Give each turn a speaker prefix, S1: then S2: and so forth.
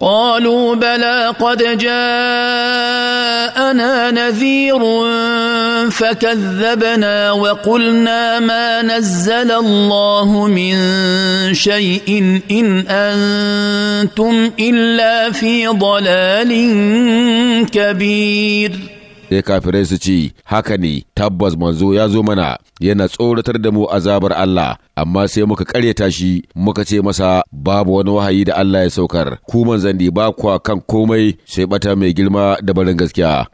S1: قالوا بلى قد جاءنا نذير فكذبنا وقلنا ما نزل الله من شيء ان انتم الا في ضلال كبير
S2: sai kafirai
S3: su ce haka ne tabbas manzo ya zo mana yana tsoratar da mu azabar Allah amma sai muka karyata shi muka ce masa babu wani wahayi da Allah ya saukar ku manzandi ba kwa kan komai sai bata mai girma da barin gaskiya